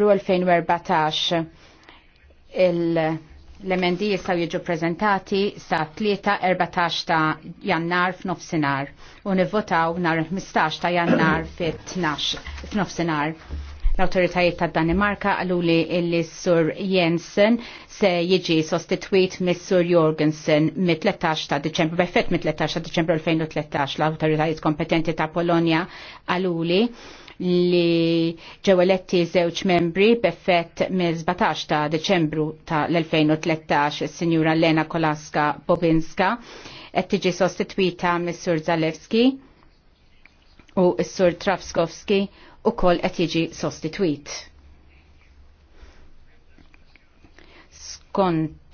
għalfejn 2014 l-emendi jistaw jiġu prezentati sa 3-14 ta' jannar f'nofsinar u nivvotaw nar 15 ta' jannar fit f'nofsinar l-autoritajiet ta' Danimarka għallu li illi sur Jensen se jiġi sostituit mis-Sur Jorgensen mit-13 ta' Deċembru, beffet mit-13 ta' Deċembru 2013 l-autoritajiet kompetenti ta' Polonia għallu li li ġew eletti żewġ membri b'effett mill-17 ta' Deċembru ta' l-2013 is-Sinjura Lena Kolaska Bobinska qed tiġi sostitwita mis-Sur Zalewski u s-Sur Trafskowski ukoll qed jiġi sostitwit. Skont